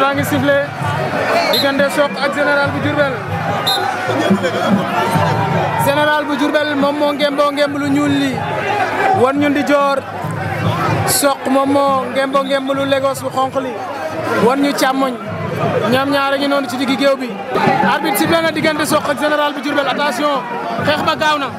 bi daa ngi sifflé diggante Sokh ak général bu Diourbel général bu Diourbel moom moo ngemboo ngemb lu ñuul li wan ñu di joor Sokh moom moo ngemboo ngemb lu Lagos bu xonq li wan ñu càmmoñ ñoom ñaar ñu noonu ci diggi géew bi arbitre sifflé na diggante soq ak général bu Diourbel attention xeex ba gaaw na